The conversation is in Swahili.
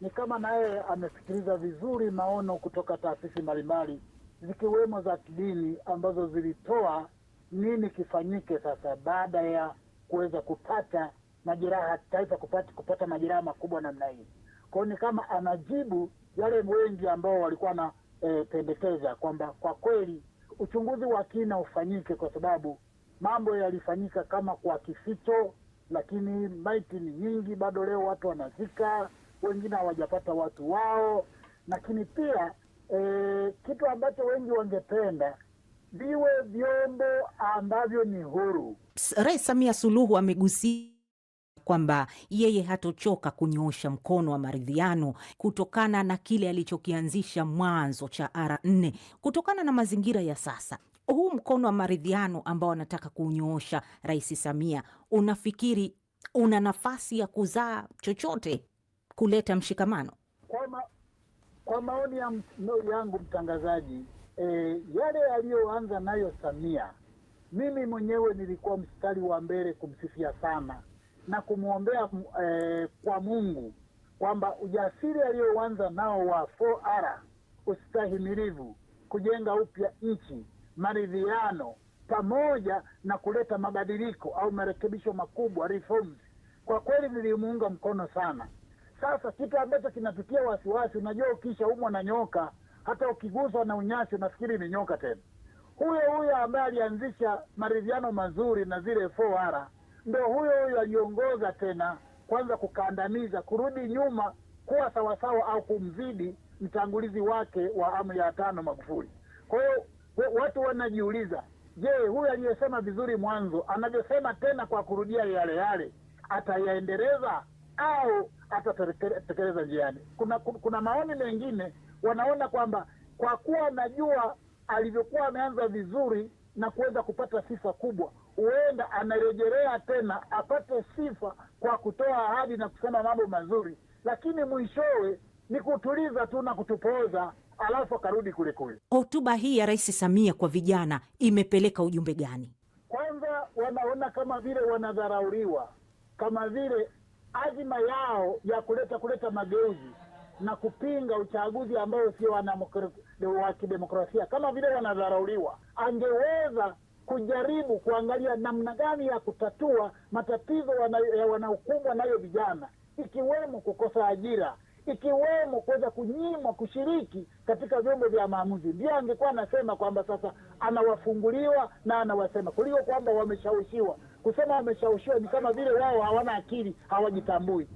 ni kama naye amesikiliza vizuri maono kutoka taasisi mbalimbali zikiwemo za kidini ambazo zilitoa nini kifanyike sasa baada ya kuweza kupata majeraha taifa kupata, kupata majeraha makubwa namna hii. kwao ni kama anajibu yale wengi ambao walikuwa na e, pendekeza kwamba kwa kweli uchunguzi wa kina ufanyike, kwa sababu mambo yalifanyika kama kwa kificho, lakini maiti ni nyingi, bado leo watu wanazika wengine hawajapata watu wao, lakini pia e, kitu ambacho wengi wangependa viwe vyombo ambavyo ni huru. Rais Samia Suluhu amegusia kwamba yeye hatochoka kunyoosha mkono wa maridhiano kutokana na kile alichokianzisha mwanzo cha R4 kutokana na mazingira ya sasa. Huu mkono wa maridhiano ambao anataka kunyoosha Rais Samia, unafikiri una nafasi ya kuzaa chochote? kuleta mshikamano? Kwa, ma, kwa maoni ya yangu mtangazaji, e, yale yaliyoanza nayo Samia, mimi mwenyewe nilikuwa mstari wa mbele kumsifia sana na kumwombea e, kwa Mungu kwamba ujasiri aliyoanza nao wa 4R ustahimilivu, kujenga upya nchi, maridhiano pamoja na kuleta mabadiliko au marekebisho makubwa reforms, kwa kweli nilimuunga mkono sana. Sasa kitu ambacho kinatutia wasiwasi, unajua ukisha umwa na nyoka, hata ukiguswa na unyasi unafikiri ni nyoka tena. Huyo huyo ambaye alianzisha maridhiano mazuri na zile 4 ndo huyo huyo aliongoza tena, kwanza kukandamiza, kurudi nyuma, kuwa sawasawa au kumzidi mtangulizi wake wa amu ya tano Magufuli. Kwa hiyo watu wanajiuliza, je, huyo aliyesema vizuri mwanzo anavyosema tena kwa kurudia yale yale atayaendeleza? au tekeleza njiani. Kuna, kuna maoni mengine wanaona kwamba kwa kuwa anajua alivyokuwa ameanza vizuri na kuweza kupata sifa kubwa, huenda anarejelea tena apate sifa kwa kutoa ahadi na kusema mambo mazuri, lakini mwishowe ni kutuliza tu na kutupooza, alafu akarudi kule kule. Hotuba hii ya Rais Samia kwa vijana imepeleka ujumbe gani? Kwanza wanaona kama vile wanadharauliwa, kama vile azima yao ya kuleta kuleta mageuzi na kupinga uchaguzi ambao sio wa kidemokrasia, kama vile wanadharauliwa. Angeweza kujaribu kuangalia namna gani ya kutatua matatizo wanaokumbwa nayo vijana, ikiwemo kukosa ajira ikiwemo kuweza kunyimwa kushiriki katika vyombo vya maamuzi. ndio angekuwa anasema kwamba sasa anawafunguliwa na anawasema, kuliko kwamba wameshawishiwa. Kusema wameshawishiwa ni kama vile wao hawana akili, hawajitambui.